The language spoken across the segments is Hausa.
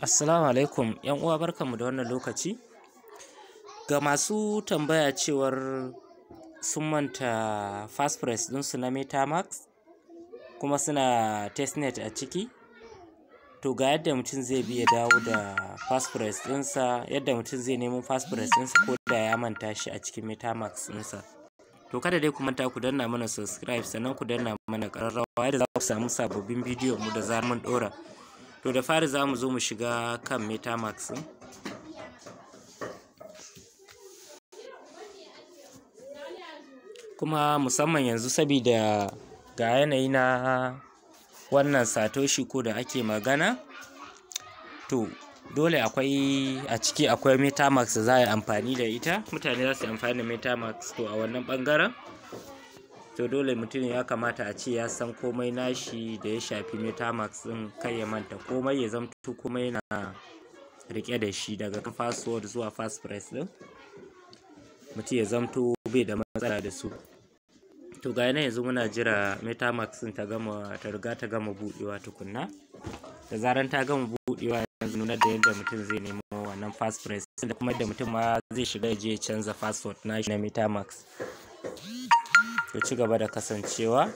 Assalamu alaikum ‘yan uwa barkanmu da wannan lokaci ga masu tambaya cewar sun manta fast press ɗinsu na metamax kuma suna testnet a ciki to ga yadda mutum zai bi ya dawo da fast press sa yadda mutum zai nemo fast press sa ko da ya manta shi a cikin metamax sa. to kada dai ku manta ku danna mana subscribe sannan ku danna mana ƙararrawa yadda za ku samu sababbin bidiyon mu da zaman mun ɗora to da fari za mu zo mu shiga kan metamax ɗin kuma musamman yanzu saboda ga yanayi na wannan satoshi ko da ake magana to dole akwai a ciki akwai metamax da za a yi amfani da ita mutane za su yi amfani da metamax to a wannan bangaren to dole mutum ya kamata a ce ya san komai nashi da ya shafi metamax din kai ya manta komai ya zamto komai na rike da shi daga kan password zuwa fastpress ɗin mutum ya zamto bai da matsala da su to ga yana yanzu muna jira metamax din ta gama ta riga ta gama buɗewa tukunna da zaran ta gama buɗewa yanzu nuna da yadda mutum zai nemo wannan fastpress da kuma yadda mutum ma zai shiga ya je ya canza password nashi na metamax ku ci gaba da kasancewa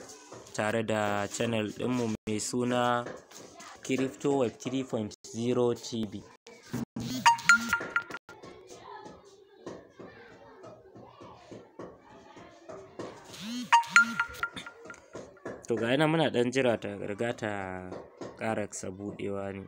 tare da channel ɗinmu mai suna crypto web 3.0 tv to ga yana muna ɗan jira ta riga ta sa buɗewa ne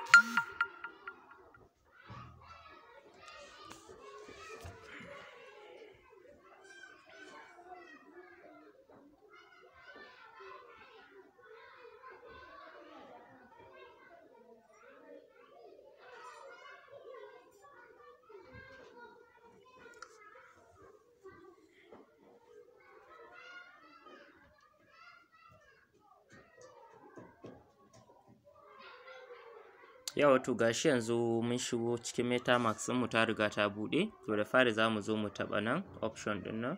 Yawa to gashi yanzu mun shigo cikin MetaMask ɗin mu ta riga ta bude, To da fari za mu zo mu taɓa nan option din nan.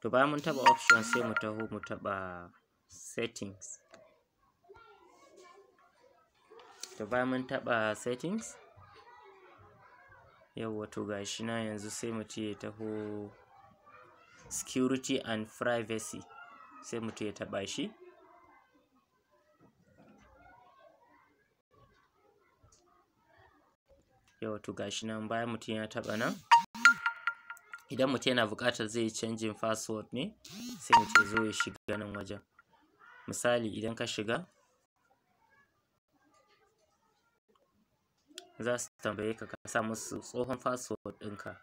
To bayan mun taɓa option sai mu taho mu taɓa settings. To bayan mun taba settings yawwa to gashi nan yanzu sai mu ce ya taho security and privacy sai mu ce ya taɓa shi. yawa to gashi nan bayan mutum ya taɓa nan idan mutum yana buƙatar zai canjin password ne sai mutum ya zo ya shiga nan wajen misali idan ka shiga za su tambaye ka ka sa musu tsohon password ɗinka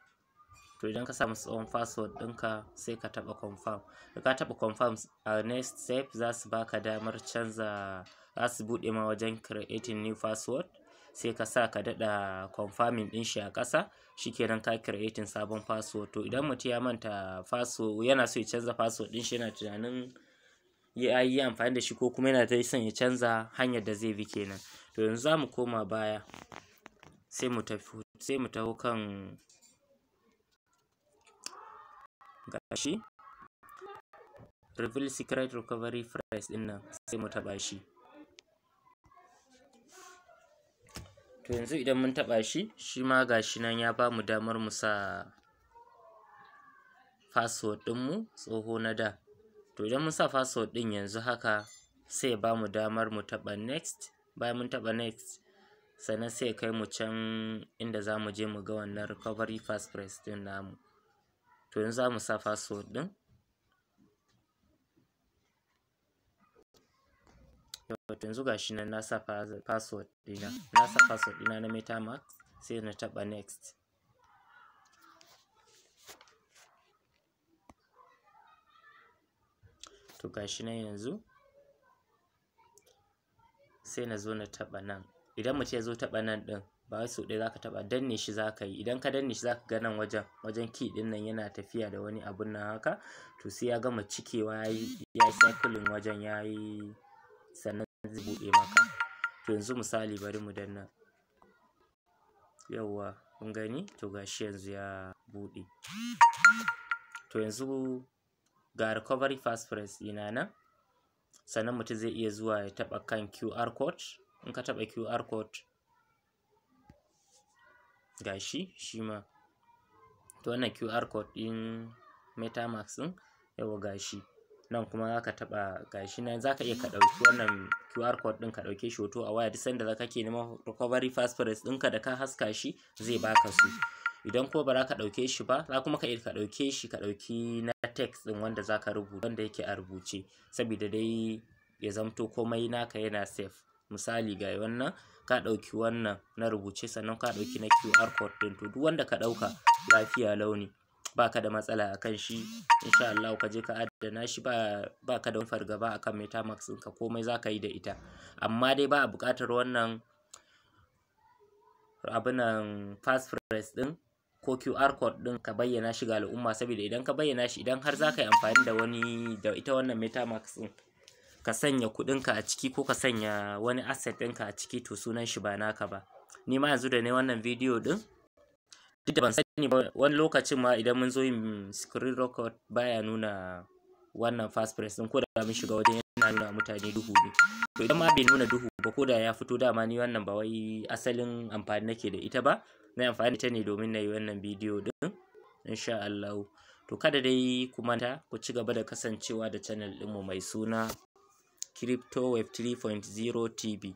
to idan ka sa musu tsohon password ɗinka sai ka taɓa confirm da ka taɓa confirm a next step za su baka damar canza za su buɗe ma wajen creating new password sai ka sa ka daɗa confirming ɗin shi a ƙasa shikenan ka creating sabon password to idan mutum ya manta password yana so ya canza password ɗin shi yana tunanin ya yi amfani da shi ko kuma yana yi son ya canza hanyar da zai bi kenan to yanzu za mu koma baya sai mu tafi taho kan gashi reveal secret recovery phrase ɗin nan sai mu shi to yanzu idan mun taɓa shi shi ma ga shi nan ya ba mu damar mu sa password ɗinmu tsoho na da to idan mun sa password ɗin yanzu haka sai ba mu damar mu taɓa next bayan mun taɓa next sannan sai kai mu can inda za mu je mu ga wannan recovery fast press ɗin namu to yanzu za mu sa password ɗin yanzu yanzu shi nan na sa password dina na sa password dina na sai na taɓa next to shi nan yanzu sai na zo na taɓa nan idan mutum ya zo taɓa nan ɗin ba wai sau ɗaya zaka taba danne shi zaka yi idan ka danne shi zaka ga nan wajen wajen key din nan yana tafiya da wani abun nan haka to sai ya gama cikewa yayi ya cycling wajen yayi sannan zai buɗe maka to yanzu misali bari mu danna yawwa kun gani to gashi yanzu ya buɗe to yanzu ga recovery passphrase ɗina nan sannan mutum zai iya zuwa ya taɓa kan QR code in ka taɓa QR code gashi shi ma to wannan QR code ɗin MetaMask ɗin yawwa gashi nan kuma za ka taɓa gashi nan za ka iya ka ɗauki wannan QR code ɗin ka ɗauke shi hoto a waya duk sanda za ka ke neman recovery passport ɗinka da ka haska shi zai baka su idan ko ba za ka ɗauke shi ba za kuma ka iya ka ɗauke shi ka ɗauki na text ɗin wanda za ka rubuta wanda yake a rubuce saboda dai ya zamto komai naka yana safe misali ga wannan ka ɗauki wannan na rubuce sannan ka ɗauki na QR code ɗin to duk wanda ka ɗauka lafiya launi baka da matsala a kan shi insha Allah ka je ka adana shi ba baka da fargaba akan metamax ka komai zaka yi da ita amma dai ba a buƙatar wannan abunan fast press ɗin ko QR code din ka bayyana shi ga al'umma saboda idan ka bayyana shi idan har zaka yi amfani da wani da ita wannan metamax din ka sanya kuɗinka a ciki ko ka sanya wani asset ɗinka a ciki to sunan shi ba naka ba ni ma yanzu da ne wannan bidiyo ɗin duk da ban sani ba wani lokacin ma idan mun zo yin screen record baya nuna wannan fast press din ko da mun shiga wajen yana nuna mutane duhu ne to idan ma bai nuna duhu ba ko da ya fito dama ni wannan ba wai asalin amfani nake da ita ba na amfani ta ne domin na yi wannan bidiyo din insha Allah to kada dai ku manta ku ci gaba da kasancewa da channel mu mai suna crypto web 3.0 tv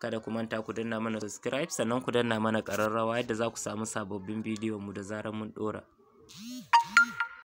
kada ku manta ku danna mana subscribe sannan ku danna mana ƙararrawa yadda za ku samu sababbin bidiyon mu da zarar mun ɗora